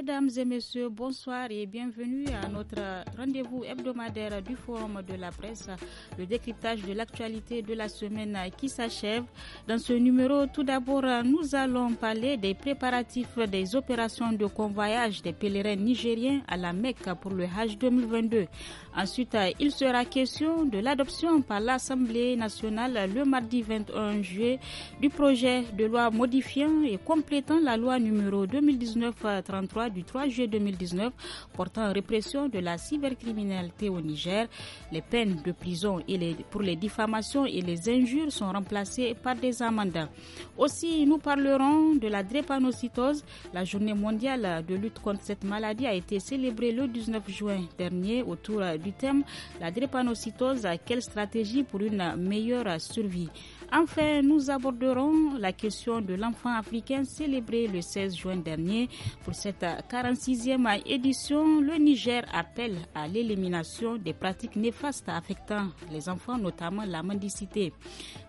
Mesdames et messieurs, bonsoir et bienvenue à notre rendez-vous hebdomadaire du Forum de la presse, le décryptage de l'actualité de la semaine qui s'achève. Dans ce numéro, tout d'abord, nous allons parler des préparatifs des opérations de convoyage des pèlerins nigériens à la Mecque pour le Hajj 2022. Ensuite, il sera question de l'adoption par l'Assemblée nationale le mardi 21 juillet du projet de loi modifiant et complétant la loi numéro 2019-33 du 3 juillet 2019 portant répression de la cybercriminalité au Niger. Les peines de prison pour les diffamations et les injures sont remplacées par des amendes. Aussi, nous parlerons de la drépanocytose. La journée mondiale de lutte contre cette maladie a été célébrée le 19 juin dernier autour du thème La drépanocytose, quelle stratégie pour une meilleure survie Enfin, nous aborderons la question de l'enfant africain célébré le 16 juin dernier. Pour cette 46e édition, le Niger appelle à l'élimination des pratiques néfastes affectant les enfants, notamment la mendicité.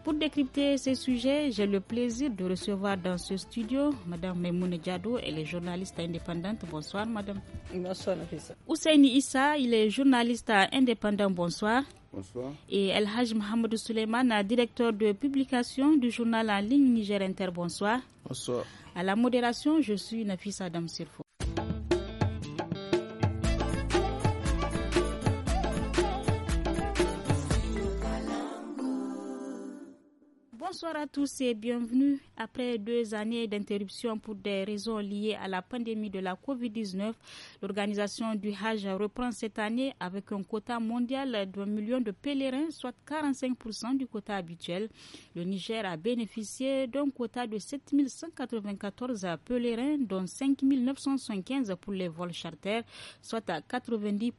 Pour décrypter ce sujet, j'ai le plaisir de recevoir dans ce studio Madame Memoune Diado, elle est journaliste indépendante. Bonsoir, Madame. Bonsoir, Ousseini Issa, il est journaliste indépendant. Bonsoir. Bonsoir. Et El Haj Mohamed Souleymane, directeur de publication du journal en ligne Niger Inter. Bonsoir. Bonsoir. À la modération, je suis Nafis Adam Sirfo. Bonsoir à tous et bienvenue. Après deux années d'interruption pour des raisons liées à la pandémie de la COVID-19, l'organisation du Hajj reprend cette année avec un quota mondial d'un million de pèlerins, soit 45% du quota habituel. Le Niger a bénéficié d'un quota de 7194 pèlerins, dont 5915 pour les vols charter, soit à 90%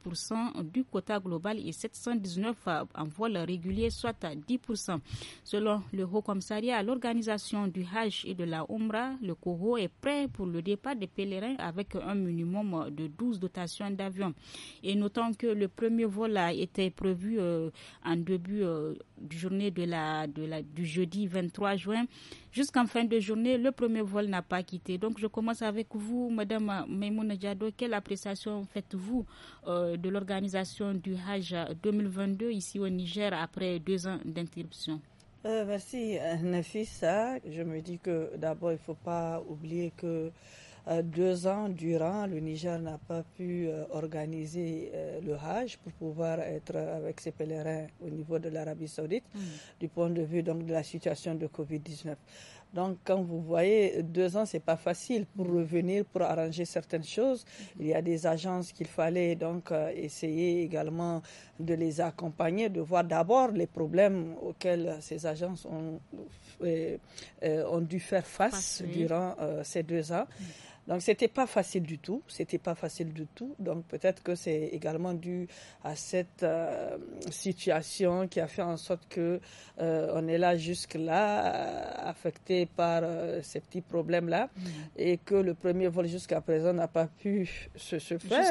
du quota global et 719 en vol régulier, soit à 10%. Selon le haut commissariat à l'organisation du Hajj et de la Omra, le Coro est prêt pour le départ des pèlerins avec un minimum de 12 dotations d'avions. Et notons que le premier vol a été prévu euh, en début euh, de journée du jeudi 23 juin, jusqu'en fin de journée, le premier vol n'a pas quitté. Donc je commence avec vous, Madame Maimouna Diado. Quelle appréciation faites-vous euh, de l'organisation du Hajj 2022 ici au Niger après deux ans d'interruption euh, merci euh, Nafisa. Hein. Je me dis que d'abord, il ne faut pas oublier que euh, deux ans durant, le Niger n'a pas pu euh, organiser le Hajj pour pouvoir être avec ses pèlerins au niveau de l'Arabie Saoudite mm. du point de vue donc de la situation de Covid-19. Donc, quand vous voyez, deux ans, c'est pas facile pour revenir, pour arranger certaines choses. Il y a des agences qu'il fallait donc euh, essayer également de les accompagner, de voir d'abord les problèmes auxquels ces agences ont, euh, euh, ont dû faire face durant ces deux ans. Mm. Donc c'était pas facile du tout, c'était pas facile du tout. Donc peut-être que c'est également dû à cette euh, situation qui a fait en sorte que euh, on est là jusque là euh, affecté par ces petits problèmes là mm. et que le premier vol jusqu'à présent n'a pas pu se, se faire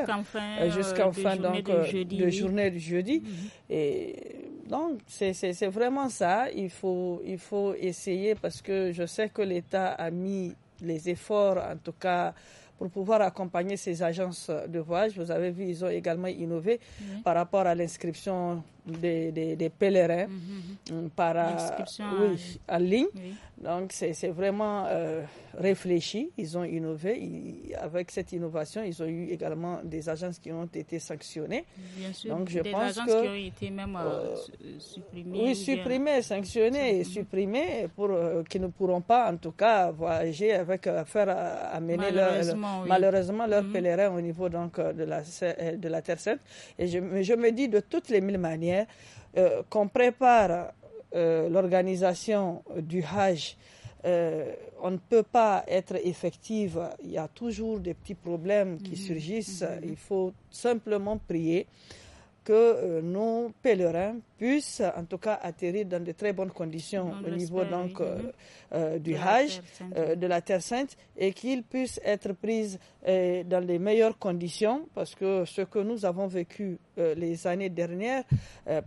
jusqu'en fin, donc de journée du jeudi mm. et donc c'est vraiment ça. Il faut il faut essayer parce que je sais que l'État a mis les efforts, en tout cas pour pouvoir accompagner ces agences de voyage. Vous avez vu, ils ont également innové par rapport à l'inscription des, pèlerins mhm, mhm. Euh, par euh, en ligne. Donc c'est vraiment euh, réfléchi, ils ont innové. avec cette innovation, ils ont eu également des agences qui ont été sanctionnées. Bien sûr, Donc je des agences qui ont été même supprimées. Oui, supprimées, sanctionnées supprimées pour qui ne pourront pas en tout cas voyager avec faire amener leur, malheureusement, leur mhm. au niveau euh, de, la, euh, de la Terre Sainte. Et je, me dis de toutes les mille manières euh, qu'on prépare l'organisation du Hajj on ne peut pas être effective. Il y a toujours des petits problèmes qui mhm. surgissent. Mhm. Il faut simplement prier que euh, nos pèlerins puissent en tout cas atterrir dans de très bonnes conditions au niveau donc euh, mhm. euh, du Hajj, de la Terre Sainte, et qu'ils puissent être pris dans les meilleures conditions, parce que ce que nous avons vécu les années dernières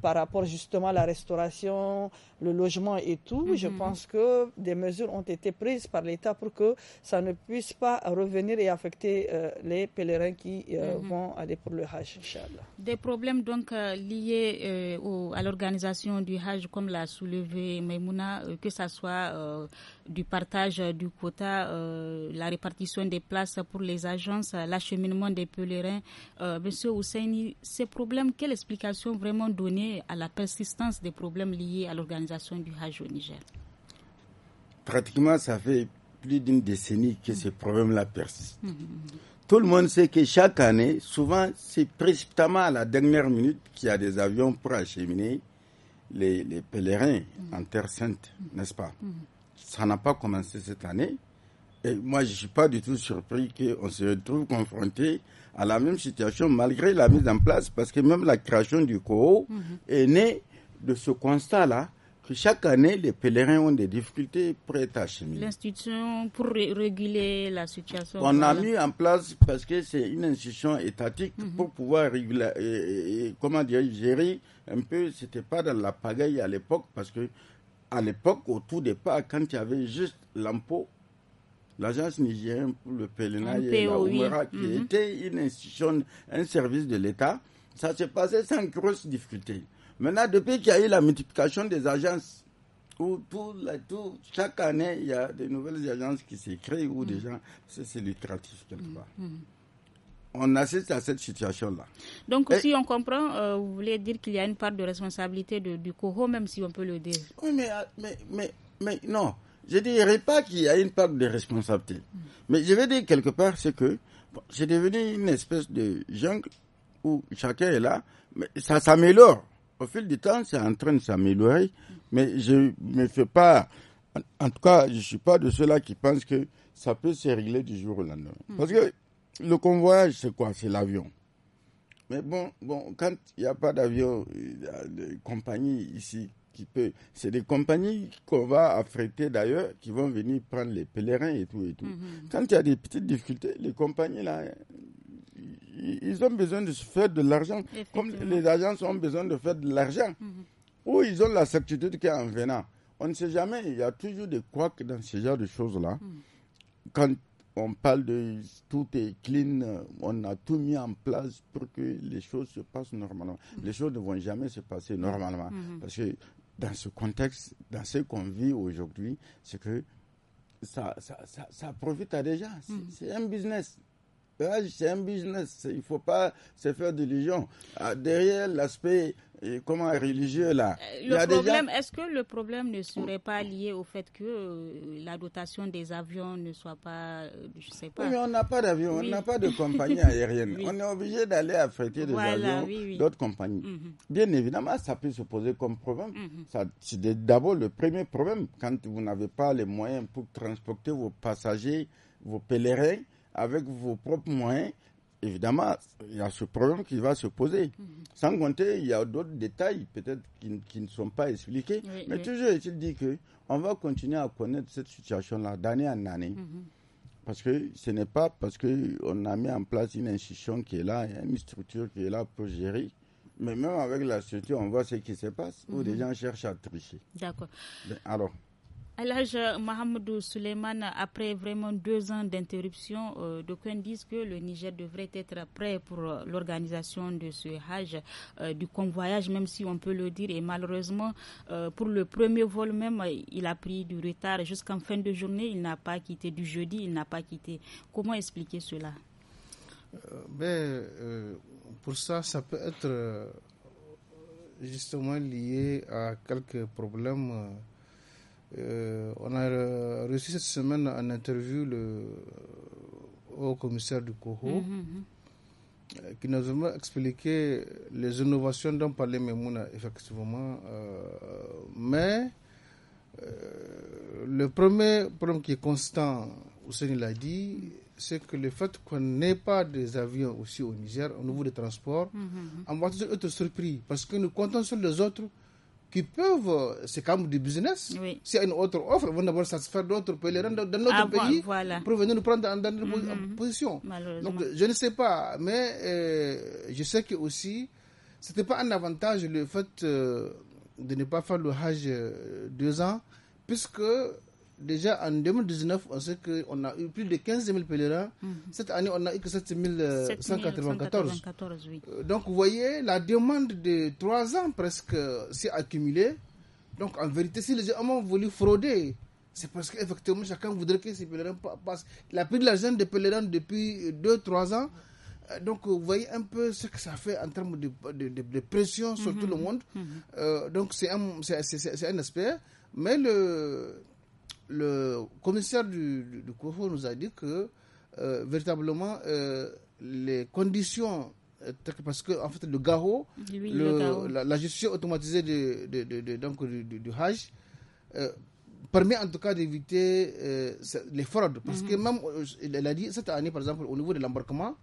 par rapport justement à la restauration, le logement et tout, mhm. je pense que des mesures ont été prises par l'État pour que ça ne puisse pas revenir et affecter les pèlerins qui mhm. vont aller pour le Hajj. Des problèmes donc euh, lié euh, à l'organisation du Hajj, comme l'a soulevé Maimouna, euh, que ce soit du partage du quota, la répartition des places pour les agences, l'acheminement des pèlerins. Monsieur Ousseini, ces problèmes, quelle explication vraiment donner à la persistance des problèmes liés à l'organisation du Hajj au Niger Pratiquement, ça fait plus d'une décennie que ce problème-là persiste. Tout le monde sait que chaque année, souvent, c'est précipitamment à la dernière minute qu'il y a des avions pour acheminer les, pèlerins en Terre Sainte, n'est-ce pas Ça n'a pas commencé cette année. Et moi, je ne suis pas du tout surpris qu'on se retrouve confronté à la même situation malgré la mise en place, parce que même la création du COO est née de ce constat-là chaque année, les pèlerins ont des difficultés pour être acheminés. L'institution pour réguler la situation. On a mis en place parce que c'est une institution étatique mhm. pour pouvoir réguler, comment dire, gérer un peu. C'était pas dans la pagaille à l'époque parce que à l'époque, au tout départ, quand il y avait juste l'impôt, l'agence nigérienne pour le pèlerinage qui mhm. était une institution, un service de l'État, ça se passé sans grosse difficulté. Maintenant, depuis qu'il y a eu la multiplication des agences, où tout, chaque année, il y a de nouvelles agences qui s'écrivent ou déjà des mm. c'est lucratif quelque mm. part. Mm. On assiste à cette situation-là. Donc, si on comprend, euh, vous voulez dire qu'il y a une part de responsabilité du COHO, même si on peut le dire. Oui, mais, ah, mais, mais, non. Je ne dirais pas qu'il y a une part de responsabilité. Mais je veux dire quelque part, c'est que c'est devenu une espèce de jungle où chacun est là, mais ça s'améliore. Au fil du temps, c'est en train de s'améliorer, mais je me fais pas. En, tout cas, je ne suis pas de ceux-là qui pensent que ça peut se régler du jour au lendemain. Hmm. Parce que le convoiage, c'est quoi C'est l'avion. Mais bon, bon quand il n'y a pas d'avion, de compagnie ici qui peut. C'est des compagnies qu'on va affréter d'ailleurs, qui vont venir prendre les pèlerins et tout et tout. Hmm, hmm, quand il y a des petites difficultés, les compagnies là, ils ont besoin de se faire de l'argent, comme les agences ont besoin de faire de l'argent. Mm-hmm. Ou ils ont la certitude qu'en venant, on ne sait jamais, il y a toujours des couacs dans ce genre de choses-là. Mm-hmm. Quand on parle de tout est clean, on a tout mis en place pour que les choses se passent normalement. Mm-hmm. Les choses ne vont jamais se passer normalement. Parce que dans ce contexte, dans ce qu'on vit aujourd'hui, c'est que ça ça, ça, ça, profite à des gens. C'est un business. Ah, c'est un business. Il ne faut pas se faire d'illusion. Ah, derrière l'aspect euh, comment religieux là. Euh, le problème, est-ce que le problème ne serait pas lié au fait que euh, la dotation des avions ne soit pas, je sais pas. Oui, mais on n'a pas d'avion, on n'a pas de compagnie aérienne. On est obligé d'aller affréter des avions d'autres compagnies. Mhm. Bien évidemment, ça peut se poser comme problème. Mhm. C'est d'abord le premier problème quand vous n'avez pas les moyens pour transporter vos passagers, vos pèlerins avec vos propres moyens, évidemment, il y a ce problème qui va se poser. Mhm. Sans compter, il y a d'autres détails peut-être qui, ne sont pas expliqués. mais toujours est-il dit que on va continuer à connaître cette situation-là d'année en année. Mhm. Parce que ce n'est pas parce qu'on a mis en place une institution qui est là, une structure qui est là pour gérer. Mais même avec la structure, on voit ce qui se passe, où mhm. des gens cherchent à tricher. D'accord. Alors, Alage Mohamedou Suleiman, après vraiment deux ans d'interruption, euh, d'aucuns disent que le Niger devrait être prêt pour euh, l'organisation de ce Hajj, euh, du convoyage, même si on peut le dire. Et malheureusement, pour le premier vol même, il a pris du retard jusqu'en fin de journée. Il n'a pas quitté du jeudi, il n'a pas quitté. Comment expliquer cela ben, Pour ça, ça peut être justement lié à quelques problèmes euh, on a euh, reçu cette semaine en interview le euh, haut commissaire du COHO, mhm, mhm. qui nous a expliqué les innovations dont parlait Memouna, effectivement. mais le premier problème qui est constant, Hussein l'a dit, c'est que le fait qu'on n'ait pas des avions aussi au Niger, au niveau des transports, mhm, on va être surpris, parce que nous comptons sur les autres qui peuvent, euh, c'est quand même du business. S'il y a une autre offre, ils vont d'abord satisfaire d'autres pays, dans mm. notre ah, pays pour venir nous prendre en, dans mm position. Donc, je ne sais pas, mais euh, je sais que aussi, n'était pas un avantage le fait euh, de ne pas faire le Hajj deux ans, puisque Déjà en 2019, on sait qu'on a eu plus de 15 000 pèlerins. Mhm. Cette année, on n'a eu que 7 194. Euh, euh, donc, vous voyez, la demande de trois ans presque euh, s'est accumulée. Donc, en vérité, si les gens ont voulu frauder, c'est parce qu'effectivement, chacun voudrait que ces pèlerins passent. Il a pris de l'argent des pèlerins depuis 2-3 ans. Donc, vous voyez un peu ce que ça fait en termes de, pression sur mhm. tout le monde. Mhm. donc, c'est un, un, aspect. Mais le, le commissaire du, du, nous a dit que euh, véritablement euh, les conditions euh, parce que en fait le GAO, La, gestion automatisée de, du, du, Hajj permet en tout cas d'éviter les fraudes parce que mhm. même elle a dit cette année par exemple au niveau de l'embarquement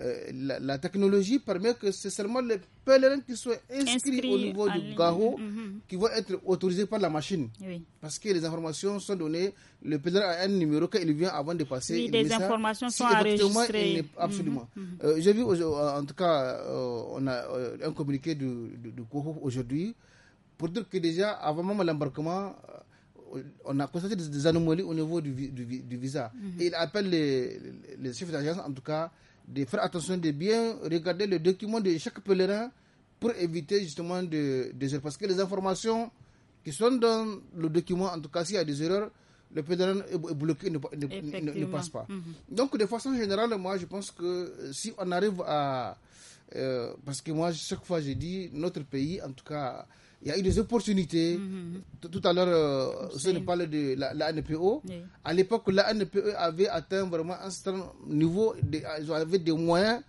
euh, la, technologie permet que c'est seulement les pèlerins qui soient inscrits, au niveau du GAHO mhm. qui vont être autorisés par la machine. Parce que les informations sont données, le pèlerin a un numéro qu'il vient avant de passer. Oui, les informations sont enregistrées. absolument. Mhm. Mhm. Euh, j'ai vu, en tout cas, euh, on a un communiqué du, du, aujourd'hui pour dire que déjà, avant même l'embarquement, on a constaté des, anomalies au niveau du, visa. il appelle les chefs d'agence, en tout cas, de faire attention de bien regarder le document de chaque pèlerin pour éviter justement de, des erreurs. Parce que les informations qui sont dans le document, en tout cas s'il y a des erreurs, le pèlerin est bloqué, ne, ne, passe pas. Mhm. Donc de façon générale, moi je pense que euh, si on arrive à... Euh, parce que moi chaque fois j'ai dit, notre pays, en tout cas il y a eu des opportunités. Mm-hmm. Tout à l'heure, euh, on parlait de la, NPO. À l'époque, la NPO avait atteint vraiment un certain niveau, ils avaient des moyens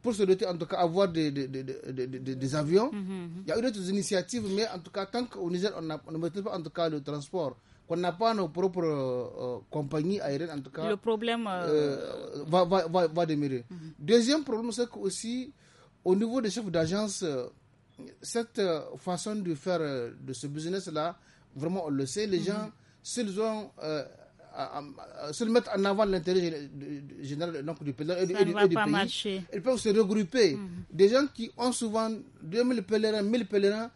pour se doter, en tout cas, avoir des, des, des, des avions. Mm-hmm. Il y a eu d'autres initiatives, mais en tout cas, tant qu'au Niger, on, ne mettait pas en tout cas le transport qu'on n'a pas nos propres euh, compagnies aériennes, en tout cas. Le problème. Euh, euh, va, va, va, mm-hmm. Deuxième problème, c'est qu'aussi, au niveau des chefs d'agence, cette euh, façon de faire euh, de ce business-là, vraiment, on le sait, les gens, mhm. s'ils ont. Euh, en avant l'intérêt général donc, du pèlerin du, ils peuvent se regrouper. Mhm. Des gens qui ont souvent 2000 pèlerins, 1000 pèlerins,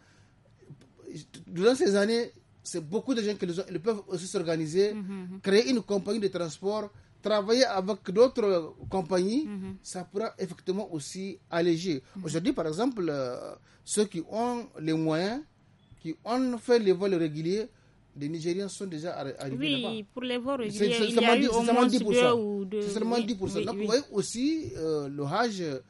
durant ces années, c'est beaucoup de gens qui ils peuvent aussi s'organiser, mhm. créer une compagnie de transport, travailler avec d'autres compagnies, mhm. ça pourra effectivement aussi alléger. Mhm. Aujourd'hui, par exemple, euh, ceux qui ont les moyens, qui ont fait les vols réguliers, les Nigériens sont déjà arrivés là-bas. Oui, pour les vols réguliers, il y a eu au 10%. C'est seulement 10%. Donc, vous voyez aussi l'orage, euh, le hage,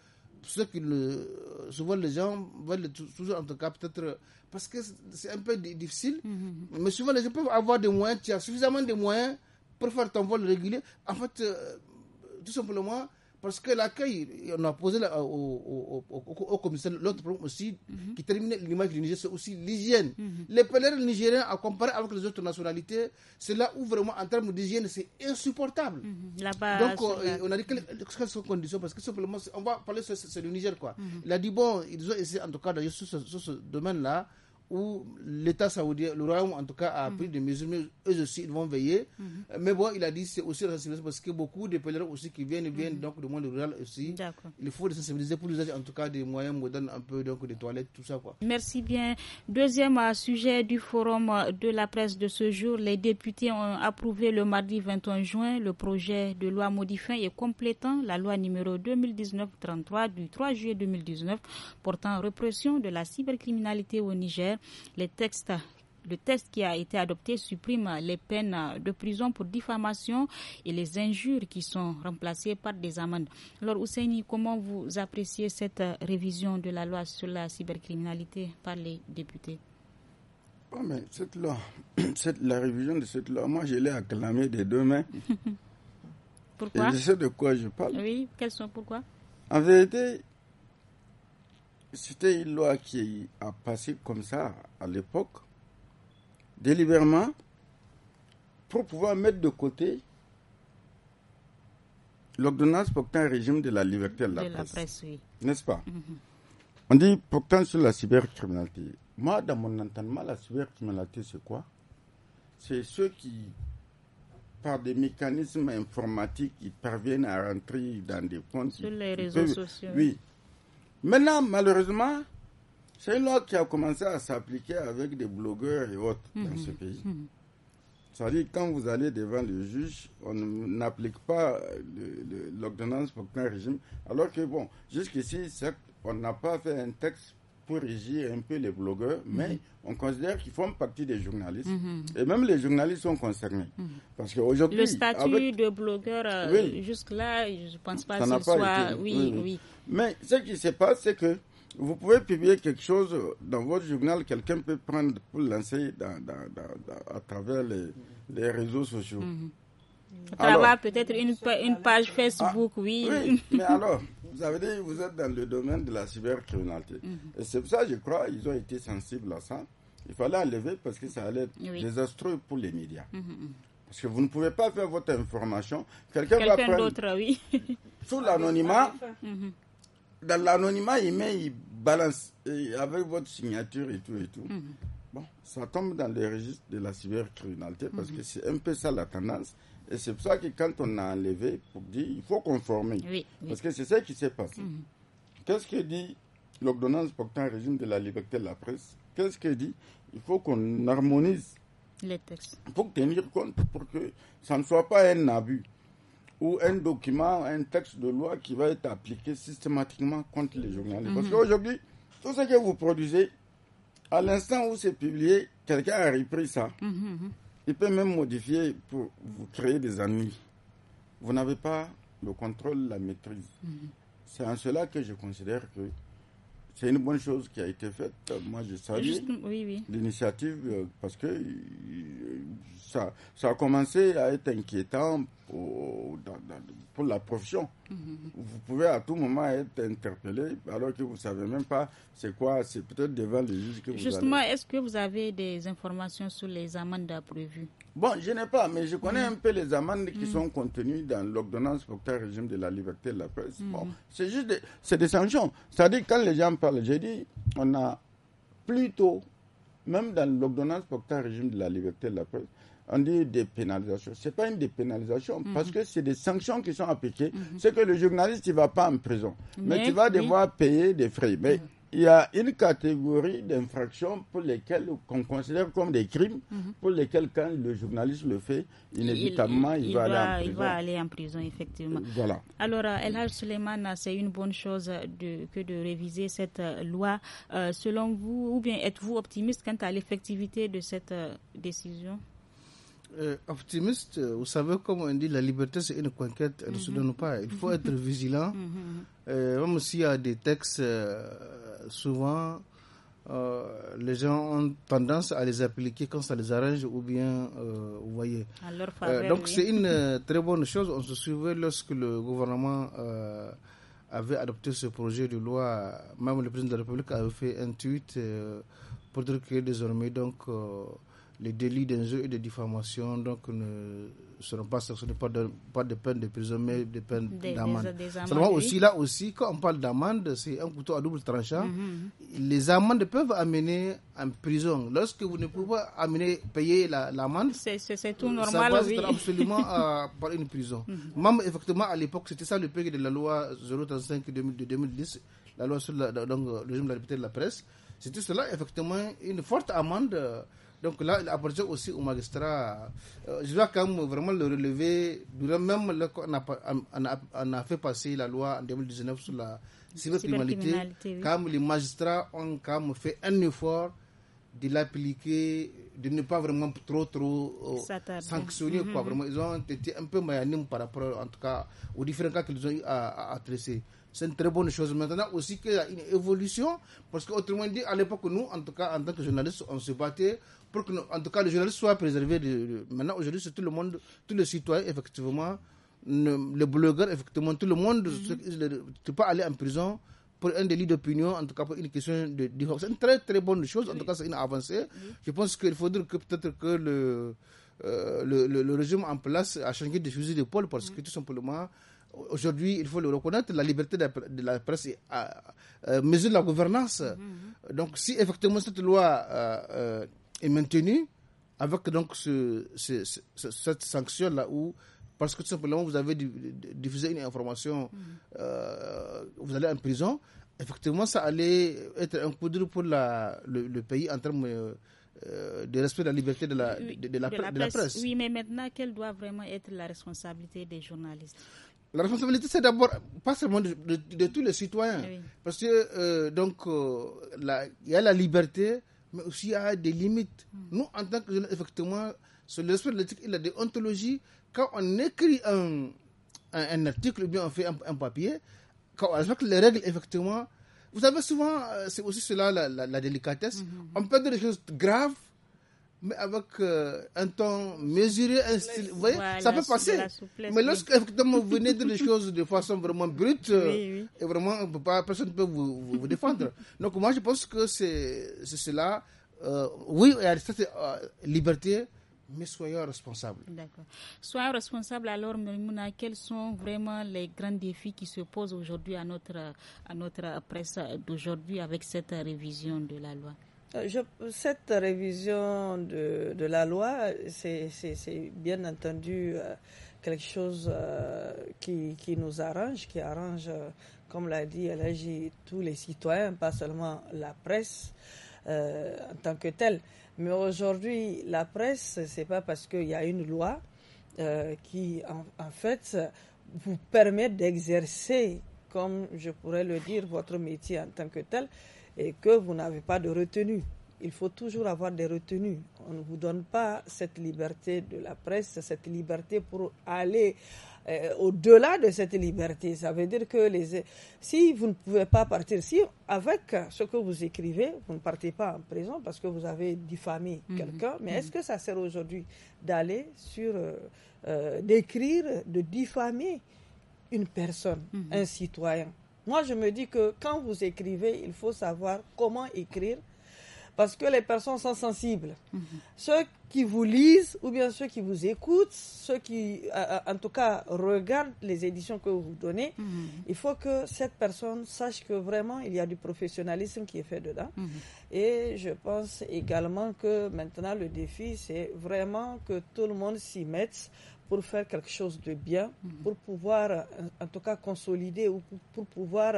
ceux qui le, souvent les gens veulent toujours, en tout cas, peut-être parce que c'est un peu difficile, mhm. mais souvent les gens peuvent avoir des moyens, tu as suffisamment de moyens pour faire ton vol régulier, en fait, euh, tout simplement, parce que l'accueil, on a posé au, au, au, au, commissaire l'autre problème aussi, mhm. qui terminait l'image du Niger, c'est aussi l'hygiène. Mhm. Les pèlerins nigériens, à comparer avec les autres nationalités, c'est là où vraiment en termes d'hygiène, c'est insupportable. Mhm. Donc, euh, on, a dit quelles, sont les conditions, parce que simplement, on va parler, sur le Niger, quoi. Il a dit, bon, ils ont essayé, en tout cas, sur ce domaine-là, où l'État saoudien, le royaume en tout cas, a pris des mesures, mais eux aussi, ils vont veiller. Mais bon, il a dit c'est aussi sensibilisation parce que beaucoup de pèlerins aussi qui viennent, viennent donc du monde rural aussi. Il faut les sensibiliser pour l'usage en tout cas des moyens modernes, un peu donc des toilettes, tout ça quoi. Merci bien. Deuxième euh, sujet du forum euh, de la presse de ce jour, les députés ont approuvé le mardi 21 juin le projet de loi modifiant et complétant la loi numéro 2019-33 du 3 juillet 2019 portant répression de la cybercriminalité au Niger les le texte qui a été adopté supprime les peines de prison pour diffamation et les injures qui sont remplacées par des amendes. Alors, Ousseini, comment vous appréciez cette révision de la loi sur la cybercriminalité par les députés mais cette loi, la révision de cette loi, moi je l'ai acclamée des deux mains. pourquoi Je sais de quoi je parle. Oui, quels sont pourquoi En vérité, c'était une loi qui a passé comme ça à l'époque, délibérément, pour pouvoir mettre de côté l'ordonnance portant un régime de la liberté de la, presse. N'est-ce pas mhm. On dit pourtant sur la cybercriminalité. Moi, dans mon entendement, la cybercriminalité, c'est quoi C'est ceux qui, par des mécanismes informatiques, ils parviennent à rentrer dans des comptes. Sur les réseaux sociaux. Oui, Maintenant, malheureusement, c'est une loi qui a commencé à s'appliquer avec des blogueurs et autres dans mhm. ce pays. Mhm. C'est-à-dire quand vous allez devant le juge, on n'applique pas l'ordonnance pour qu'un régime. Alors que bon, jusqu'ici, on n'a pas fait un texte pour régir un peu les blogueurs, mhm. mais on considère qu'ils font partie des journalistes. Mhm. Et même les journalistes sont concernés. Mhm. Parce qu'aujourd'hui. Le statut de blogueur, euh, jusque-là, je ne pense pas que ce soit. Oui, oui, Mais ce qui se passe, c'est que vous pouvez publier quelque chose dans votre journal, quelqu'un peut prendre pour lancer à travers les, réseaux sociaux travaille peut-être une, une, page Facebook, ah, oui. Mais alors, vous avez dit, vous êtes dans le domaine de la cybercriminalité. Mhm. Et c'est pour ça, je crois, ils ont été sensibles à ça. Il fallait enlever parce que ça allait être désastreux pour les médias. Mhm, mhm. Parce que vous ne pouvez pas faire votre information. Quelqu'un va d'autre, oui. Sous l'anonymat, dans l'anonymat, il met, il balance avec votre signature et tout et tout. Bon, ça tombe dans les registres de la cybercriminalité parce que c'est un peu ça la tendance. Et c'est pour ça que quand on a enlevé, pour dire, il faut conformer. Parce que c'est ça qui s'est passé. Mhm. Qu'est-ce que dit l'ordonnance portant régime de la liberté de la presse Qu'est-ce que dit Il faut qu'on harmonise les textes. faut tenir compte, pour que ça ne soit pas un abus ou un document, un texte de loi qui va être appliqué systématiquement contre les journalistes. Parce mhm. qu'aujourd'hui, tout ce que vous produisez, à l'instant où c'est publié, quelqu'un a repris ça. Mhm, il peut même modifier pour vous créer des ennuis. Vous n'avez pas le contrôle, la maîtrise. Mhm. C'est en cela que je considère que c'est une bonne chose qui a été faite. Moi, je salue l'initiative euh, parce que euh, ça, ça, a commencé à être inquiétant pour, la profession. Mhm. Vous pouvez à tout moment être interpellé alors que vous ne savez même pas c'est quoi, c'est peut-être devant le juge que vous Justement, est-ce que vous avez des informations sur les amendes prévues Bon, je n'ai pas, mais je connais mm. un peu les amendes qui mm. sont contenues dans l'ordonnance pour le régime de la liberté de la presse. Mm. c'est juste des, sanctions. C'est-à-dire, quand les gens parlent, j'ai dit, on a plutôt, même dans l'ordonnance pour le régime de la liberté de la presse, on dit pénalisations. Ce n'est pas une dépénalisation parce que c'est des sanctions qui sont appliquées. Mm-hmm. C'est que le journaliste, il ne va pas en prison, mais, il tu vas devoir payer des frais. Mais il y a une catégorie d'infractions pour lesquelles qu'on considère comme des crimes, mhm. pour lesquelles quand le journaliste le fait, inévitablement, il, va, aller en prison. Il va aller en prison, effectivement. Euh, Alors, euh, El Haj Suleiman, c'est une bonne chose de, que de réviser cette euh, loi. selon vous, ou bien êtes-vous optimiste quant à l'effectivité de cette décision euh, optimiste, euh, vous savez, comme on dit, la liberté, c'est une conquête, elle ne se mhm. donne pas. Il faut mhm. être vigilant, mhm. euh, même s'il y a des textes, souvent, les gens ont tendance à les appliquer quand ça les arrange ou bien, vous voyez. donc, c'est une très bonne chose. On se souvient lorsque le gouvernement avait adopté ce projet de loi, même le président de la République avait fait un tweet pour dire que désormais, donc, les délits d'injure et de diffamation donc, ne seront pas sanctionnés pas de, pas de peine de prison, mais de peine d'amende. Seulement aussi, là aussi, quand on parle d'amende, c'est un couteau à double tranchant. Mhm, mhm. Les amendes peuvent amener en prison. Lorsque vous ne pouvez pas amener, payer l'amende, c'est tout euh, normal. Ça passe absolument à, euh, par une prison. Mhm. Même, effectivement, à l'époque, c'était ça le pays de la loi 035 de 2010, la loi sur donc, le régime de la liberté de la presse. C'était cela, effectivement, une forte amende euh, donc là, il appartient aussi au magistrat. Euh, je dois quand même vraiment le relever. même le, on, a, fait passer la loi en 2019 sur la cybercriminalité, oui. quand les magistrats ont quand même fait un effort de l'appliquer, de ne pas vraiment trop trop euh, sanctionner. quoi. Mm-hmm. Vraiment, ils ont été un peu mayanimes par rapport, en tout cas, aux différents cas qu'ils ont eu à, à, C'est une très bonne chose. Maintenant aussi qu'il y a une évolution, parce qu'autrement dit, à l'époque, nous, en tout cas, en tant que journalistes, on se battait pour que, en tout cas, le journaliste soit préservé. De, Maintenant, aujourd'hui, c'est tout le monde, tous les citoyens, effectivement, le les blogueurs, effectivement, tout le monde, ne peut pas aller en prison pour un délit d'opinion, en tout cas pour une question de, divorce. C'est une très, très bonne chose, en tout cas, c'est une avancée. Je pense qu'il faudrait que peut-être que euh, le, le, le, régime en place a changé de fusil d'épaule parce que tout simplement, aujourd'hui, il faut le reconnaître, la liberté de la presse à mesure de la euh, euh, gouvernance. Mhm. Donc, si effectivement cette loi est maintenu avec donc ce, cette sanction là où parce que tout simplement vous avez diffusé une information, mm. euh, vous allez en prison. Effectivement, ça allait être un coup dur pour le, pays en termes euh, euh, de respect de la liberté de la, de, la, presse. Oui, mais maintenant, quelle doit vraiment être la responsabilité des journalistes la responsabilité, c'est d'abord, pas seulement de, tous les citoyens. Parce que, donc, il y a la liberté mais aussi à des limites. Hmm. Nous, en tant que jeunes, effectivement, sur le respect de l'éthique et la déontologie, quand on écrit un, un, article ou bien on fait un, papier, quand on respecte les règles, effectivement, vous savez, souvent, euh, c'est aussi cela la, délicatesse. Hmm, hmm, on peut dire des choses graves, mais avec euh, un temps mesuré, un style. Vous ça peut passer. Mais lorsque vous venez de les choses de façon vraiment brute, et vraiment, personne ne peut vous, vous, défendre. Donc, moi, je pense que c'est cela. Euh, oui, il y a cette euh, liberté, mais soyons responsables. D'accord. Soyons responsables. Alors, Mouna, quels sont vraiment les grands défis qui se posent aujourd'hui à notre, à notre presse d'aujourd'hui avec cette révision de la loi euh, cette révision de, la loi, c'est bien entendu euh, quelque chose euh, qui, nous arrange, qui arrange, comme l'a dit Elagi, tous les citoyens, pas seulement la presse en tant que telle. Mais aujourd'hui, la presse, c'est pas parce qu'il y a une loi qui, en fait, vous permet d'exercer, comme je pourrais le dire, votre métier en tant que tel et que vous n'avez pas de retenue. Il faut toujours avoir des retenues. On ne vous donne pas cette liberté de la presse, cette liberté pour aller euh, au-delà de cette liberté. Ça veut dire que les, si vous ne pouvez pas partir, si avec ce que vous écrivez, vous ne partez pas en prison parce que vous avez diffamé mhm. quelqu'un, mais mhm. est-ce que ça sert aujourd'hui d'aller sur, euh, euh, d'écrire, de diffamer une personne, mhm. un citoyen moi, je me dis que quand vous écrivez, il faut savoir comment écrire parce que les personnes sont sensibles. Mhm. Ceux qui vous lisent ou bien ceux qui vous écoutent, ceux qui, euh, euh, en tout cas, regardent les éditions que vous donnez, mhm. il faut que cette personne sache que vraiment il y a du professionnalisme qui est fait dedans. Mhm. Et je pense également que maintenant le défi, c'est vraiment que tout le monde s'y mette pour faire quelque chose de bien, mm-hmm. pour pouvoir euh, en tout cas consolider ou pour, pouvoir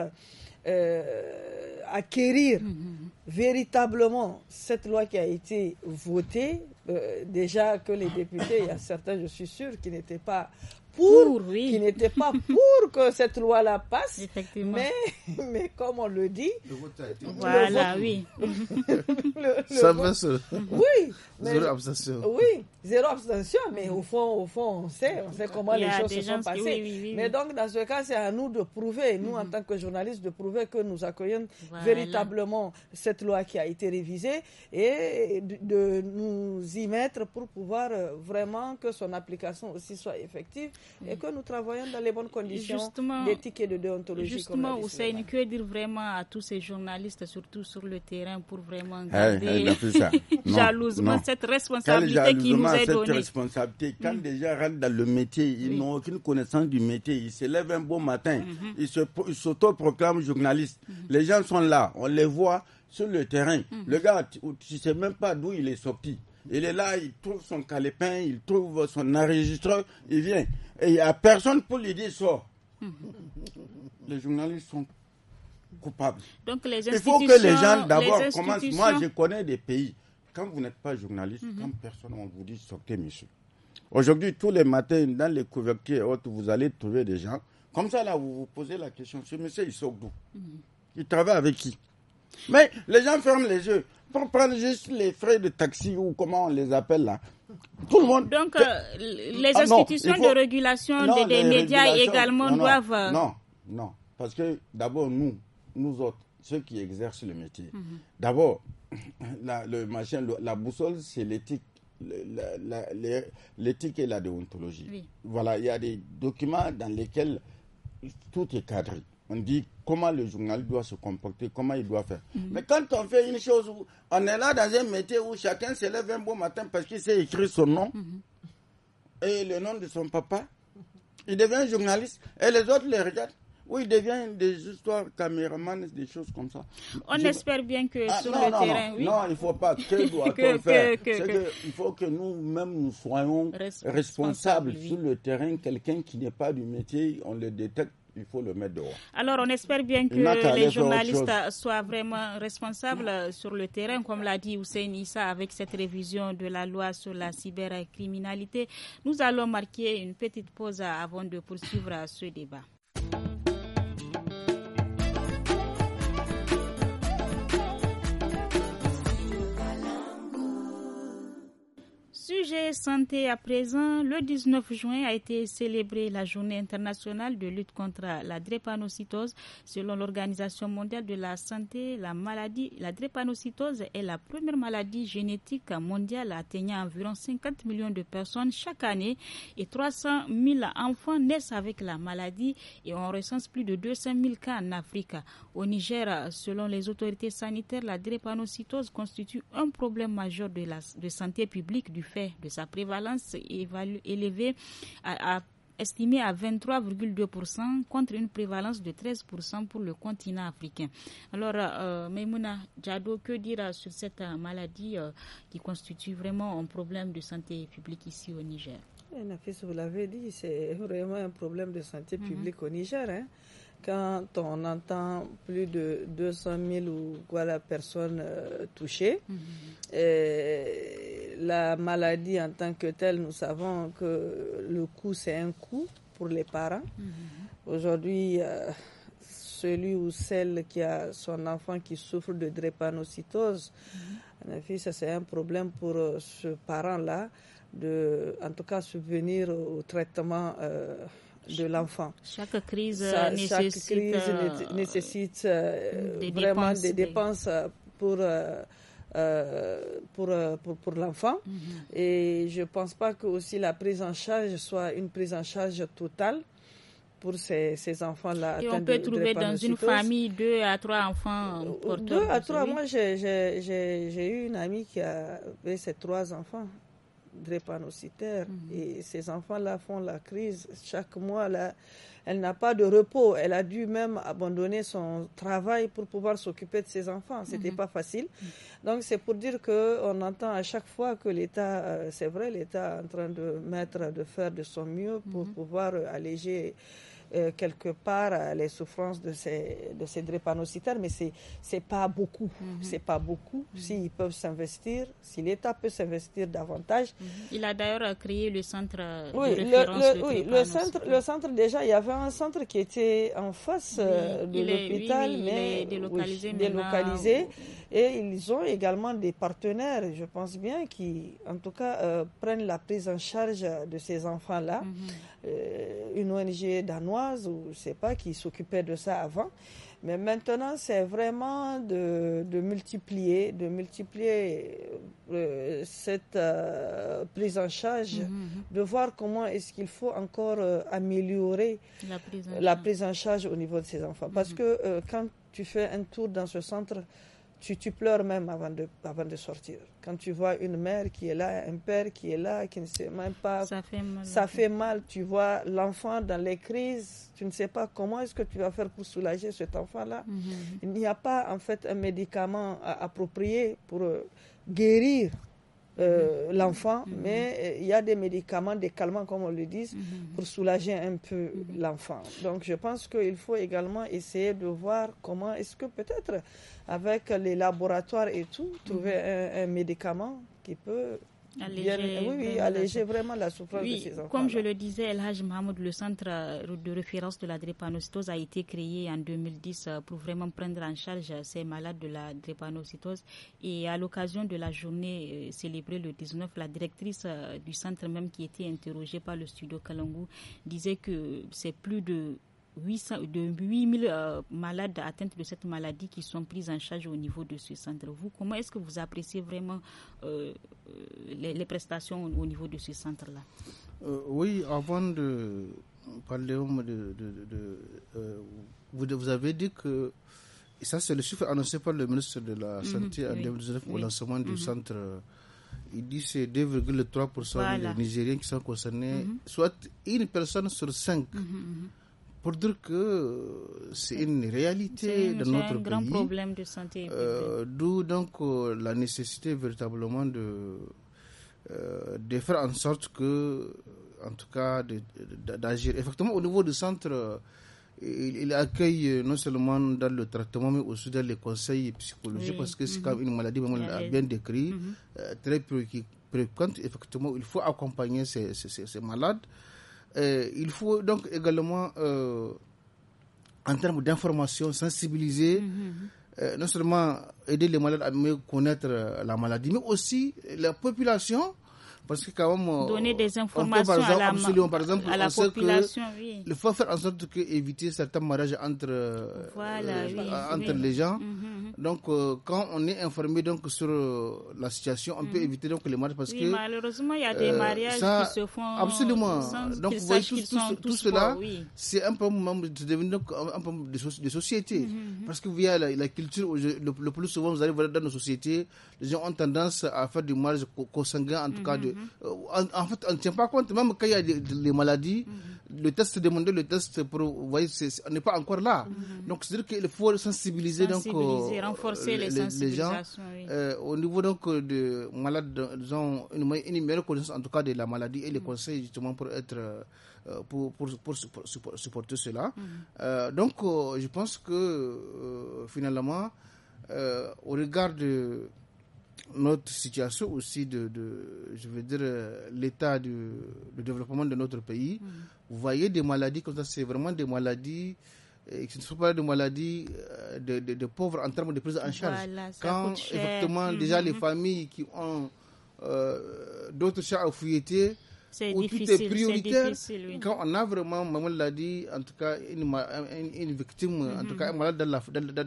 euh, acquérir mm-hmm. véritablement cette loi qui a été votée. Euh, déjà que les députés, il y a certains, je suis sûr, qui n'étaient pas pour, oui. qui n'était pas pour que cette loi-là passe. Effectivement. Mais, mais comme on le dit. Le vote a été. Voilà, oui. Ça va Oui. zéro abstention. Oui, zéro abstention, mais au fond, au fond on sait, on sait comment les choses se sont passées. mais donc, dans ce cas, c'est à nous de prouver, nous, en mhm. tant que journalistes, de prouver que nous accueillons véritablement cette loi qui a été révisée et de nous y mettre pour pouvoir euh, vraiment que son application aussi soit effective et que nous travaillons dans les bonnes conditions d'éthique et de déontologie. Justement, que dire vraiment à tous ces journalistes, surtout sur le terrain, pour vraiment ah, ah, garder jalousement cette responsabilité qui nous est donnée cette responsabilité, quand des mm. gens rentrent dans le métier, ils n'ont aucune connaissance du métier, ils se lèvent un beau matin, mm-hmm. ils s'autoproclament journalistes. Mm-hmm. Les gens sont là, on les voit sur le terrain. Mm. Le gars, tu ne sais même pas d'où il est sorti. Il est là, il trouve son calepin, il trouve son enregistreur, il vient. Et il n'y a personne pour lui dire ça. les journalistes sont coupables. Donc il faut que les gens d'abord commencent. Moi, je connais des pays. Quand vous n'êtes pas journaliste, mhm. quand personne ne vous dit sortez, monsieur. Aujourd'hui, tous les matins, dans les couvertures et autres, vous allez trouver des gens. Comme ça, là, vous vous posez la question, ce monsieur, il sort d'où mhm. Il travaille avec qui mais les gens ferment les yeux pour prendre juste les frais de taxi ou comment on les appelle là. Hein. Tout le monde. Donc, euh, les ah, institutions de régulation des, médias également doivent. Euh, non, non. Parce que d'abord, nous, nous autres, ceux qui exercent le métier, mhm. d'abord, la, le la boussole, c'est l'éthique. L'éthique et la déontologie. Voilà, il y a des documents dans lesquels tout est cadré on dit comment le journal doit se comporter, comment il doit faire. Mhm. Mais quand on fait une chose, on est là dans un métier où chacun se lève un beau matin parce qu'il sait écrire son nom mhm. et le nom de son papa. Il devient journaliste et les autres les regardent. Oui, il devient des histoires caméramanes des choses comme ça. On espère bien que ah, sur non, le terrain, non. oui. Non, il ne faut pas. Que doit-on faire Il faut que nous-mêmes, nous soyons responsables, sur le terrain. Quelqu'un qui n'est pas du métier, on le détecte il faut le mettre dehors. Alors, on espère bien que les journalistes soient vraiment responsables sur le terrain, comme l'a dit Hussein Issa, avec cette révision de la loi sur la cybercriminalité. Nous allons marquer une petite pause avant de poursuivre ce débat. Sujet santé à présent, le 19 juin a été célébré la journée internationale de lutte contre la drépanocytose. Selon l'Organisation mondiale de la santé, la maladie, la drépanocytose est la première maladie génétique mondiale atteignant environ 50 millions de personnes chaque année et 300 000 enfants naissent avec la maladie et on recense plus de 200 000 cas en Afrique. Au Niger, selon les autorités sanitaires, la drépanocytose constitue un problème majeur de, santé publique du de sa prévalence élevée à, à estimé à 23,2% contre une prévalence de 13% pour le continent africain. Alors, euh, Maimouna que dire sur cette euh, maladie euh, qui constitue vraiment un problème de santé publique ici au Niger eh, vous l'avez dit, c'est vraiment un problème de santé mhm. publique au Niger. Hein quand on entend plus de 200 000 ou quoi la personne euh, touchée, mm-hmm. la maladie en tant que telle, nous savons que le coût, c'est un coût pour les parents. Mm-hmm. Aujourd'hui, celui ou celle qui a son enfant qui souffre de drépanocytose, mm-hmm. en effet, ça c'est un problème pour euh, ce parent-là, de, en tout cas, subvenir au traitement. Euh, de l'enfant. Chaque crise nécessite, vraiment des dépenses euh, pour, euh, euh, pour, pour, l'enfant. Mm-hmm. Et je ne pense pas que aussi la prise en charge soit une prise en charge totale pour ces, enfants-là. Et on peut trouver dans une famille deux à trois enfants porteurs. Deux à trois. Moi, j'ai eu une amie qui avait ses trois enfants drépanocytaire. Mhm. Et ces enfants-là font la crise chaque mois. Là, elle n'a pas de repos. Elle a dû même abandonner son travail pour pouvoir s'occuper de ses enfants. C'était mhm. pas facile. Mhm. Donc c'est pour dire que on entend à chaque fois que l'État, euh, c'est vrai, l'État est en train de mettre, de faire de son mieux pour pouvoir alléger euh, quelque part euh, les souffrances de ces, de ces drépanocytaires, mais c'est n'est pas beaucoup. C'est pas beaucoup. Mhm. Mhm. S'ils peuvent s'investir, si l'État peut s'investir davantage. Mhm. Il a d'ailleurs euh, créé le centre oui, référence le, centre, le centre, déjà, il y avait un centre qui était en face de l'hôpital, mais délocalisé. et ils ont également des partenaires, je pense bien, qui, en tout cas, prennent la prise en charge de ces enfants-là. Euh, une ONG danoise ou je sais pas qui s'occupait de ça avant. Mais maintenant, c'est vraiment de, multiplier, de multiplier euh, cette euh, prise en charge, mhm, mhm. de voir comment est-ce qu'il faut encore améliorer la prise, en charge au niveau de ces enfants. Parce mhm. que quand tu fais un tour dans ce centre, tu, tu, pleures même avant de, avant de sortir. Quand tu vois une mère qui est là, un père qui est là, qui ne sait même pas. Ça fait mal. Ça fait mal. Tu vois l'enfant dans les crises. Tu ne sais pas comment est-ce que tu vas faire pour soulager cet enfant-là. Mhm, mhm. Il n'y a pas en fait un médicament approprié pour euh, guérir euh, l'enfant, mhm. mais euh, il y a des médicaments, des calmants, comme on le dit, mhm. pour soulager un peu mhm. l'enfant. Donc je pense qu'il faut également essayer de voir comment est-ce que peut-être avec les laboratoires et tout, trouver un médicament qui peut oui, oui, alléger vraiment la souffrance de ces enfants. Comme je le disais, El Mahmoud, le centre euh, de référence de la drépanocytose a été créé en 2010 euh, pour vraiment prendre en charge euh, ces malades de la drépanocytose. Et à l'occasion de la journée célébrée le 19, la directrice du centre même qui était interrogée par le studio Kalangu disait que c'est plus de de 8000 euh, malades atteints de cette maladie qui sont pris en charge au niveau de ce centre. Vous, comment est-ce que vous appréciez vraiment euh, euh, les, prestations au, niveau de ce centre-là Oui, avant de parler de, vous, avez dit que ça c'est le chiffre annoncé par le ministre de la mhm, Santé en 2019 au lancement du mhm. centre il dit c'est 2,3% des Nigériens qui sont concernés, mhm. soit une personne sur cinq pour dire que euh, c'est une réalité de notre un pays. grand problème de santé. Euh, d'où donc euh, la nécessité véritablement de, de faire en sorte que, en tout cas, d'agir. Effectivement, au niveau du centre, il, accueille non seulement dans le traitement, mais aussi dans les conseils psychologiques, parce que c'est comme quand mhm. une maladie, bien décrit, mhm. très préoccupante. Effectivement, il faut accompagner ces malades. Euh, il faut donc également, euh, en termes d'information, sensibiliser, mhm, mhm. Euh, non seulement aider les malades à mieux connaître la maladie, mais aussi la population parce que quand même, euh, donner des informations à la, population. Oui. Il faut faire en sorte que éviter certains mariages entre, euh, euh, entre les gens. Mhm, mhm. Donc, quand on est informé donc, sur la situation, on peut mhm. éviter donc, les mariages parce que. Malheureusement, il y a des mariages qui se font. Absolument. donc, vous voyez, tout, tout, cela, c'est un peu un peu de, société. Parce que via la, la culture, le, plus souvent, vous allez voir dans nos sociétés, les gens ont tendance à faire du mariage consanguin, en tout cas de euh, en fait, on ne tient pas compte. Même quand il y a des, maladies, le test demandé, le test pour, vous voyez, on n'est pas encore là. Donc, c'est-à-dire qu'il faut sensibiliser, sensibiliser euh, renforcer les, gens euh, au niveau donc de malades, disons, une, une, meilleure connaissance en tout cas de la maladie et les mm. conseils justement pour être pour, pour, supporter cela. Mm. donc, je pense que finalement, au regard de notre situation aussi de, de je veux dire, euh, l'état du le développement de notre pays, mm. vous voyez des maladies comme ça, c'est vraiment des maladies euh, et qui ne sont pas des maladies euh, de, de, pauvres en termes de prise en charge. Quand effectivement mm. déjà les familles qui ont d'autres chats à fouilleter, c'est difficile, Quand on a vraiment, maman l'a dit, en tout cas, une, victime, en tout mm-hmm. cas, un malade dans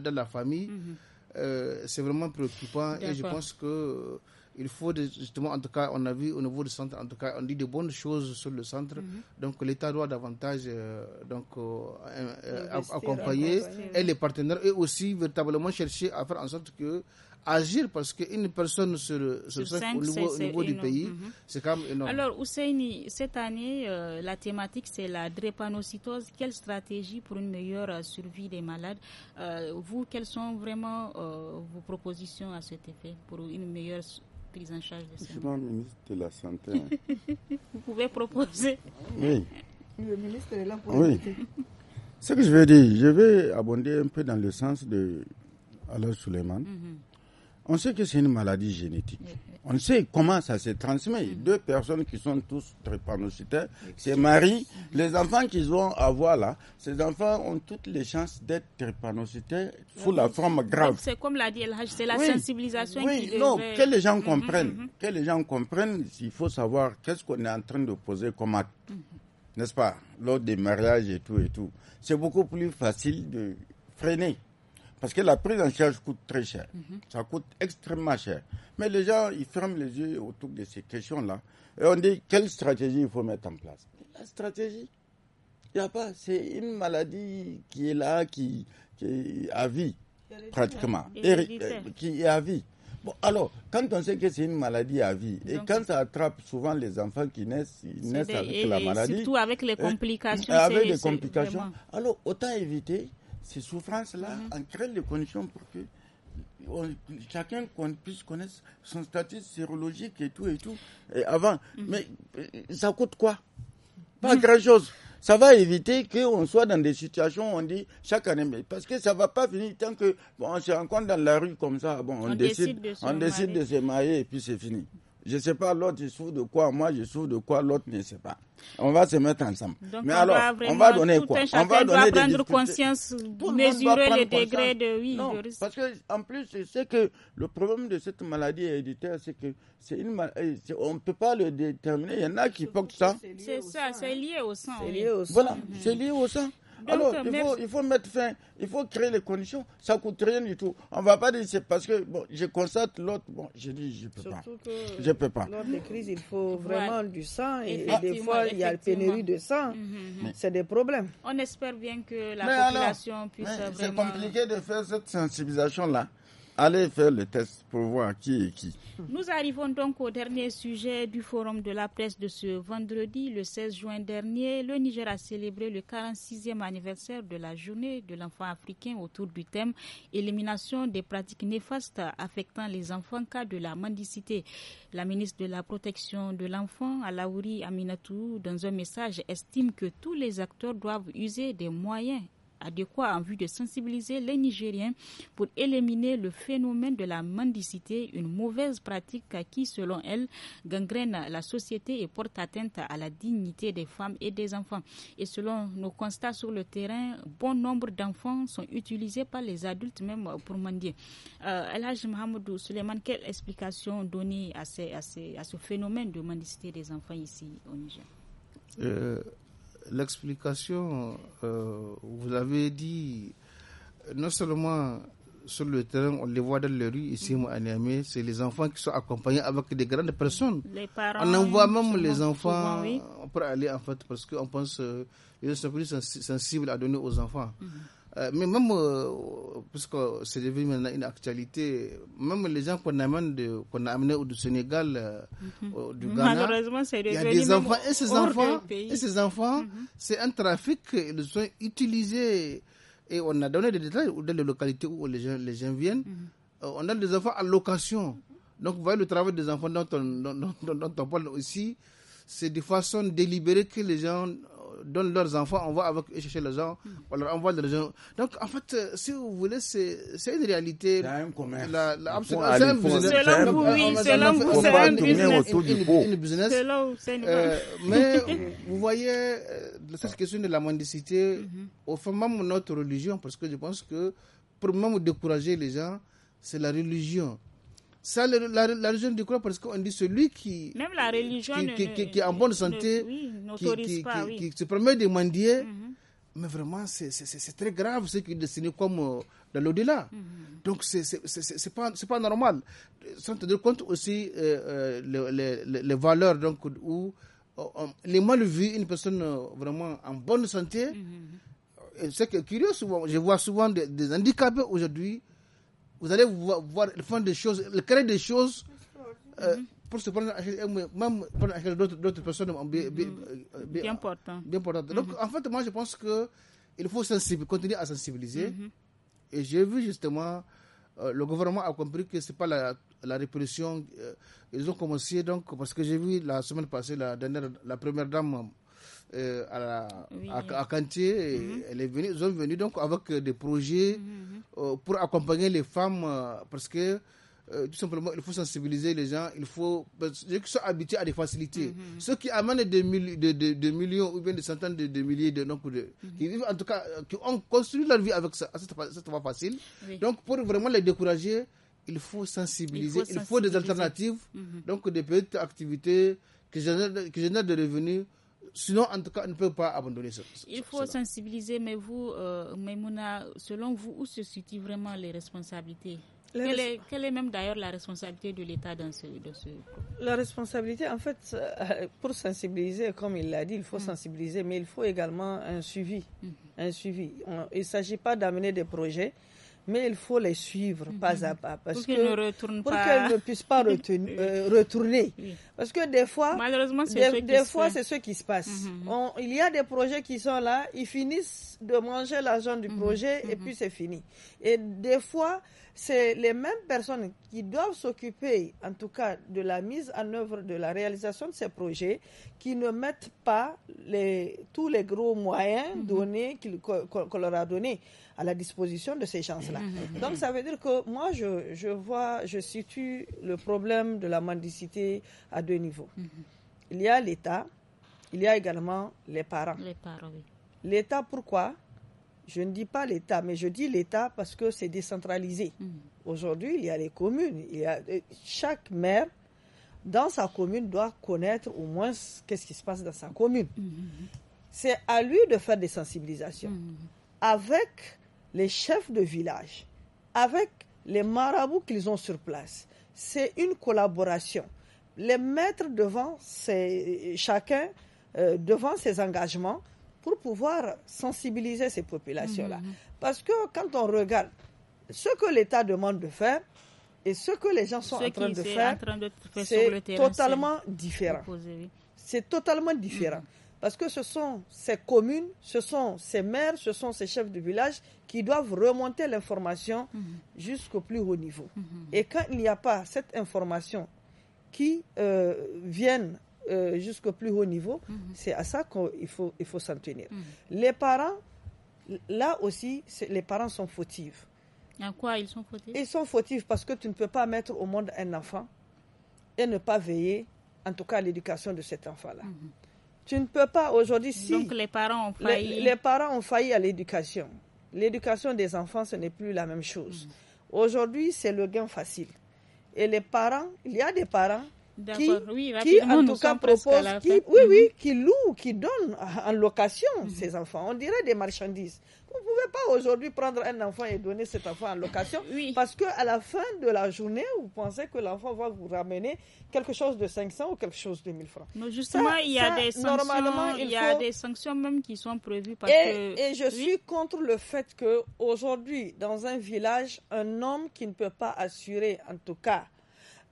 la, la famille, mm-hmm. Euh, c'est vraiment préoccupant et je pense que euh, il faut justement, en tout cas, on a vu au niveau du centre, en tout cas, on dit de bonnes choses sur le centre. Mhm. Donc, l'État doit davantage euh, donc, accompagner et les partenaires et aussi véritablement chercher à faire en sorte que agir parce qu'une personne sur, cinq, au niveau, du pays, mhm. c'est quand même énorme. Alors, Ousseini, cette année, euh, la thématique, c'est la drépanocytose. Quelle stratégie pour une meilleure euh, survie des malades euh, Vous, quelles sont vraiment vos propositions à cet effet pour une meilleure prise en charge de ces Je suis ministre de la Santé. Hein. vous pouvez proposer. Oui. Le ministre est là pour Ce que je veux dire, je vais abonder un peu dans le sens de alors Suleiman. Mhm. On sait que c'est une maladie génétique. On sait comment ça se transmet. Mm. Deux personnes qui sont tous trépanocytaires, c'est Marie. Les enfants qu'ils vont avoir là, ces enfants ont toutes les chances d'être trépanocytaires sous la forme grave. C'est comme l'a dit c'est la sensibilisation oui, non, que les gens mm, mm, comprennent. Que les gens comprennent, il faut savoir qu'est-ce qu'on est en train de poser comme acte. N'est-ce pas Lors des mariages et tout et tout. C'est beaucoup plus facile de freiner parce que la prise en charge coûte très cher. Mhm. Ça coûte extrêmement cher. Mais les gens, ils ferment les yeux autour de ces questions-là. Et on dit, quelle stratégie il faut mettre en place La stratégie, il n'y a pas. C'est une maladie qui est là, qui, est à vie, pratiquement. qui est à vie. Bon, alors, quand on sait que c'est une maladie à vie, et quand ça attrape souvent les enfants qui naissent, ils naissent avec la et maladie. Surtout avec les hein, complications. Avec les complications. Alors, autant éviter ces souffrances-là, on mhm. crée les conditions pour que chacun puisse connaître son statut sérologique et tout et tout avant. Mhm. Mais euh, ça coûte quoi Pas mhm. grand-chose. Ça va éviter qu'on soit dans des situations où on dit chaque année, parce que ça ne va pas finir tant que on se rencontre dans la rue comme ça. on, décide, de se on décide de se marier et puis c'est fini. Je ne sais pas, l'autre il souffre de quoi, moi je souffre de quoi, l'autre ne sait pas. On va se mettre ensemble. Donc Mais on alors, on va donner quoi On va donner prendre conscience, mesurer les degrés de, oui, Parce que en plus, sais que le problème de cette maladie héréditaire, c'est que c'est une eh, on ne peut pas le déterminer. Il y en a qui portent ça. C'est ça, c'est lié au sang. C'est lié au sang. Voilà, c'est lié au sang. Alors, ah euh, il faut, il faut, mettre fin, il faut créer les conditions. Ça ne coûte rien du tout. On ne va pas dire c'est parce que bon, je constate l'autre. Bon, je dis, je ne peux pas. je peux pas. Lors des crises, il faut vraiment du sang. Et, des fois, il y a la pénurie de sang. Mm-hmm, mm-hmm. C'est des problèmes. On espère bien que la mais population alors, puisse. C'est compliqué de faire cette sensibilisation-là. Allez faire le test pour voir qui est qui. Nous arrivons donc au dernier sujet du forum de la presse de ce vendredi, le 16 juin dernier. Le Niger a célébré le 46e anniversaire de la journée de l'enfant africain autour du thème Élimination des pratiques néfastes affectant les enfants cas de la mendicité. La ministre de la Protection de l'enfant, Alaouri Aminatou, dans un message, estime que tous les acteurs doivent user des moyens adéquat en vue de sensibiliser les Nigériens pour éliminer le phénomène de la mendicité, une mauvaise pratique qui, selon elle, gangrène la société et porte atteinte à la dignité des femmes et des enfants. Et selon nos constats sur le terrain, bon nombre d'enfants sont utilisés par les adultes même pour mendier. Euh, Mohamedou Suleiman, quelle explication donner à, à, à, ce phénomène de mendicité des enfants ici au Niger euh, l'explication, euh, vous l'avez dit, non seulement sur le terrain, on les voit dans les rues ici à c'est les enfants qui sont accompagnés avec des grandes personnes. On en on envoie même les enfants on pour aller en fait parce qu'on pense qu'ils euh, sont plus sensibles à donner aux enfants. Mhm. Euh, mais même, euh, puisque c'est devenu une actualité, même les gens qu'on amène de, qu'on a amenés du Sénégal, euh, mhm. au du mhm. Ghana, il y a des enfants et ces enfants, mhm. c'est un trafic, ils sont utilisés et on a donné des détails dans les localités où les gens, les gens viennent. on a des enfants à location. Donc, vous voyez le travail des enfants dont on, dont on parle aussi, c'est de façon délibérée que les gens donnent leurs enfants, on va avec chercher les gens, on leur envoie les gens. Donc, en fait, euh, si vous voulez, c'est une réalité. C'est un commerce. C'est un business. C'est là où c'est un business. C'est là où c'est euh, Mais vous voyez, euh, cette question de la mendicité, mhm. au fond, même notre religion, parce que je pense que pour même décourager les gens, c'est la religion ça, la, religion du religion parce qu'on dit celui qui, Même la religion est en bonne santé, qui, se permet de mendier, mhm. mais vraiment, c'est très grave ce qui est comme euh, de l'au-delà. Donc mhm. Donc, c'est pas, pas normal. Sans tenir compte aussi les, euh, euh, les, les, valeurs donc, où les mal vues une personne vraiment en bonne santé, mhm. c'est curieux souvent. Je vois souvent des, des handicapés aujourd'hui vous allez voir, le fond des choses, le créer des choses euh, pour se prendre même prendre d'autres personnes mm-hmm. euh, bien, important. importantes. Donc, mm-hmm. en fait, moi, je pense que il faut continuer à sensibiliser. Mm-hmm. Et j'ai vu justement, euh, le gouvernement a compris que c'est pas la, répression. Euh, ils ont commencé, donc, parce que j'ai vu la semaine passée, la, dernière, la première dame euh, à, la, à, mhm. elle est sont venus donc avec euh, des projets mhm, mhm. Euh, pour accompagner les femmes parce que tout simplement, il faut sensibiliser les gens, il faut. Ceux qui sont habitués à des facilités, ceux qui amènent des, millions ou bien des centaines de, milliers de qui vivent en tout cas, qui ont construit leur vie avec ça, cette voie facile. Donc, pour vraiment les décourager, il faut sensibiliser, il faut, des alternatives, donc des petites activités qui génèrent des revenus sinon, en tout cas, on ne peut pas abandonner ce, Il faut sensibiliser, mais vous, euh, selon vous, où se situent vraiment les responsabilités quelle, est, même d'ailleurs la responsabilité de l'État dans ce, dans La responsabilité, en fait, euh, pour sensibiliser, comme il l'a dit, il faut mm. sensibiliser, mais il faut également un suivi. Mm-hmm. Un suivi. il ne s'agit pas d'amener des projets mais il faut les suivre pas mhm. à pas parce pour qu'elles ne, ne puissent pas euh, retourner. Parce que des fois, malheureusement, des, fois c'est ce qui se passe. Mhm. il y a des projets qui sont là, ils finissent de manger l'argent du mhm. projet et puis c'est fini. Et des fois, c'est les mêmes personnes qui doivent s'occuper, en tout cas, de la mise en œuvre, de la réalisation de ces projets, qui ne mettent pas les, tous les gros moyens donnés qu'on leur a donnés à la disposition de ces gens-là. Mhm. Mhm. Donc ça veut dire que moi, je, vois, je situe le problème de la mendicité à deux niveaux. Mhm. Il y a l'État, il y a également les parents. Les parents, oui. L'État, pourquoi Je ne dis pas l'État, mais je dis l'État parce que c'est décentralisé. Aujourd'hui, il y a les communes. Il euh, chaque maire, dans sa commune, doit connaître au moins qu'est-ce qui se passe dans sa commune. C'est à lui de faire des sensibilisations. Avec les chefs de village avec les marabouts qu'ils ont sur place. C'est une collaboration. Les mettre devant chacun euh, devant ses engagements pour pouvoir sensibiliser ces populations-là. Mhm. Parce que quand on regarde ce que l'État demande de faire et ce que les gens sont en train, de faire, c'est totalement différent. C'est totalement différent. Mhm. Parce que ce sont ces communes, ce sont ces maires, ce sont ces chefs de village qui doivent remonter l'information mhm. jusqu'au plus haut niveau. Mhm. Et quand il n'y a pas cette information qui euh, vienne euh, jusqu'au plus haut niveau, mhm. c'est à ça qu'il faut, il faut s'en tenir. Les parents, là aussi, les parents sont fautifs. En quoi ils sont fautifs Ils sont fautifs parce que tu ne peux pas mettre au monde un enfant et ne pas veiller, en tout cas, à l'éducation de cet enfant-là. Tu ne peux pas aujourd'hui si. les parents ont failli. Les, parents ont failli à l'éducation. L'éducation des enfants, ce n'est plus la même chose. Mm. Aujourd'hui, c'est le gain facile. Et les parents, il y a des parents qui, oui, qui en tout cas propose, qui, oui, oui, mhm. qui loue, qui donne en location ses mhm. enfants. On dirait des marchandises. Vous ne pouvez pas aujourd'hui prendre un enfant et donner cet enfant en location oui. parce qu'à la fin de la journée, vous pensez que l'enfant va vous ramener quelque chose de 500 ou quelque chose de 1000 francs. Mais justement, il y a, des, sanctions, il, y a des sanctions même qui sont prévues. Parce et, que... et je suis contre le fait qu'aujourd'hui, dans un village, un homme qui ne peut pas assurer, en tout cas,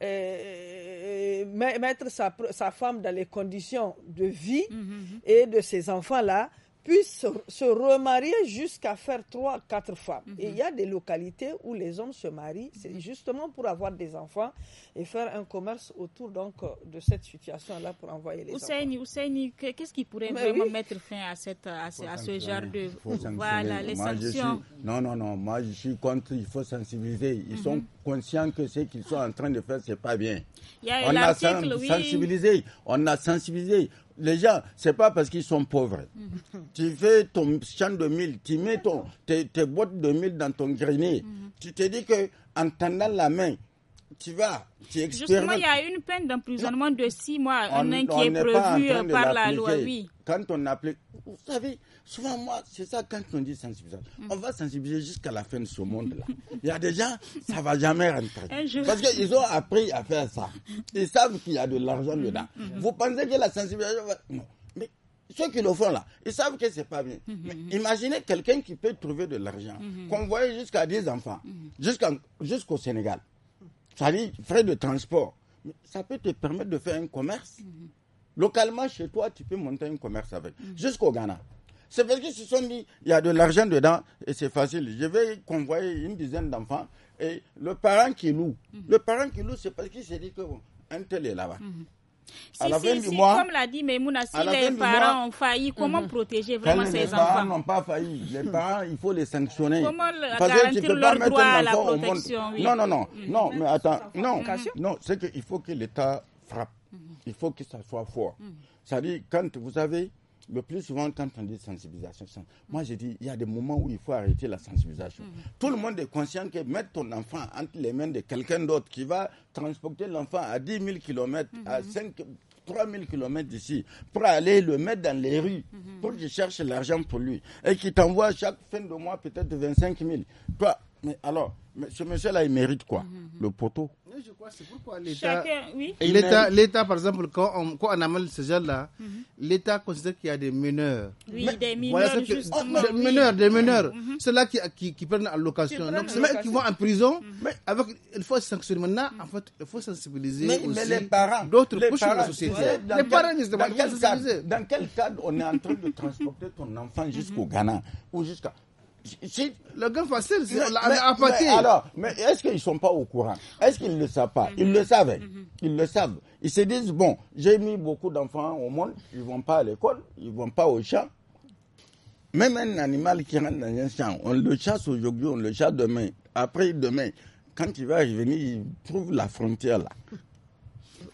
euh, euh, euh, mettre sa, femme dans les conditions de vie mm-hmm, mm-hmm. et de ses enfants-là puissent se remarier jusqu'à faire trois, quatre femmes. Et mhm. il y a des localités où les hommes se marient, c'est mhm. justement pour avoir des enfants et faire un commerce autour donc euh, de cette situation-là pour envoyer les enfants. Ousseini, qu'est-ce qui pourrait vraiment mettre fin à, cette, à, ce, genre de... Voilà, les sanctions. Non, non, non, moi je suis contre, il faut sensibiliser. Ils mhm. sont conscients que ce qu'ils sont en train de faire, c'est pas bien. Il y a on a sensibilisé, on a sensibilisé les gens, c'est pas parce qu'ils sont pauvres. Mhm. Tu fais ton champ de mille, tu mets ton, tes, boîtes de mille dans ton grenier. Mhm. Tu te dis que en tendant la main, tu vas, tu Justement, il y a une peine d'emprisonnement de 6 mois, un an qui est prévu par la loi, oui. Quand on applique, vous savez, souvent moi, c'est ça quand on dit sensibilisation. Mm. On va sensibiliser jusqu'à la fin de ce monde-là. il y a des gens, ça va jamais rentrer. Parce qu'ils ont appris à faire ça. Ils savent qu'il y a de l'argent dedans. Mm-hmm. Mm-hmm. Vous pensez que la sensibilisation Non. Mais ceux qui le font là, ils savent que c'est pas bien. Mm-hmm. Mais imaginez quelqu'un qui peut trouver de l'argent, qu'on voyait jusqu'à 10 enfants, jusqu'au Sénégal ça dit frais de transport. ça peut te permettre de faire un commerce. Mhm. Localement, chez toi, tu peux monter un commerce avec. Mhm. Jusqu'au Ghana. C'est parce qu'ils se sont dit, il y a de l'argent dedans et c'est facile. Je vais convoyer une dizaine d'enfants et le parent qui loue. Mhm. Le parent qui loue, c'est parce qu'il s'est dit que bon, un tel est là-bas. Si, comme l'a dit Memouna, si les parents ont failli, comment mhm. protéger vraiment ces enfants Les parents n'ont pas failli. Les mhm. parents, il faut les sanctionner. Comment Parce garantir leur droit à la protection Non, non, non. Mhm. Non, mais attends. Non, non c'est qu'il faut que l'État frappe. Il faut que ça soit fort. C'est-à-dire, quand vous avez le plus souvent, quand on dit sensibilisation, moi je dis, il y a des moments où il faut arrêter la sensibilisation. Mm-hmm. Tout le monde est conscient que mettre ton enfant entre les mains de quelqu'un d'autre qui va transporter l'enfant à 10 000 km, à 5, 3 000 km d'ici, pour aller le mettre dans les rues, mm-hmm. pour qu'il cherche l'argent pour lui, et qui t'envoie chaque fin de mois peut-être 25 000. Toi, mais alors, ce monsieur-là, il mérite quoi mhm, mhm. Le poteau Je crois c'est pourquoi l'État. Oui. L'État, par exemple, quand on, quand on amène ce jeune là mhm. l'État considère qu'il y a des mineurs. Ah, oui, des mineurs. Voilà, des mineurs, des mineurs. Ceux-là qui, qui, prennent la location. Donc, c'est là qui vont en prison. Mais avec, il faut sanctionner. Maintenant, en fait, il faut sensibiliser. Mais, aussi les parents. D'autres couches de la société. les parents, ils se pas dans quel cadre on est en train de transporter ton enfant jusqu'au Ghana ou jusqu'à. Le gars facile, c'est l'a Mais alors, est-ce qu'ils ne sont pas au courant Est-ce qu'ils ne le savent pas Ils le mhm. savent. Mhm. Ils le savent. Ils se disent, bon, j'ai mis beaucoup d'enfants au monde, ils ne vont pas à l'école, ils ne vont pas au champ. Même un animal qui rentre dans un champ, on le chasse aujourd'hui, on le chasse demain, après demain. Quand il va revenir, il trouve la frontière là.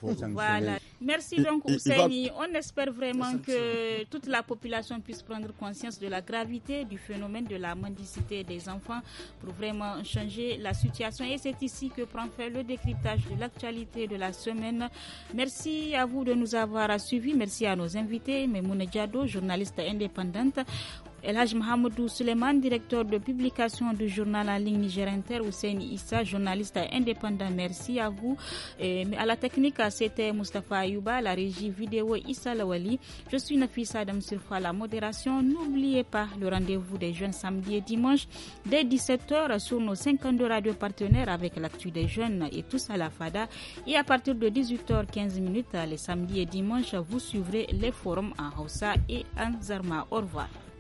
Voilà. Merci donc, Ousseini. On espère vraiment que toute la population puisse prendre conscience de la gravité du phénomène de la mendicité des enfants pour vraiment changer la situation. Et c'est ici que prend faire le décryptage de l'actualité de la semaine. Merci à vous de nous avoir suivis. Merci à nos invités, Memoune Diado, journaliste indépendante. Elhaj Mohamedou Suleiman, directeur de publication du journal en ligne Niger Inter, Ousseini Issa, journaliste indépendant. Merci à vous. Et à la technique, c'était Mustafa Ayouba, la régie vidéo Issa Lawali. Je suis Nafisa Adam Surfa, la modération. N'oubliez pas le rendez-vous des jeunes samedi et dimanche dès 17h sur nos 52 radios partenaires avec l'actu des jeunes et tous à la FADA. Et à partir de 18h15 les samedis et dimanches, vous suivrez les forums en Hausa et en Zarma. Au revoir.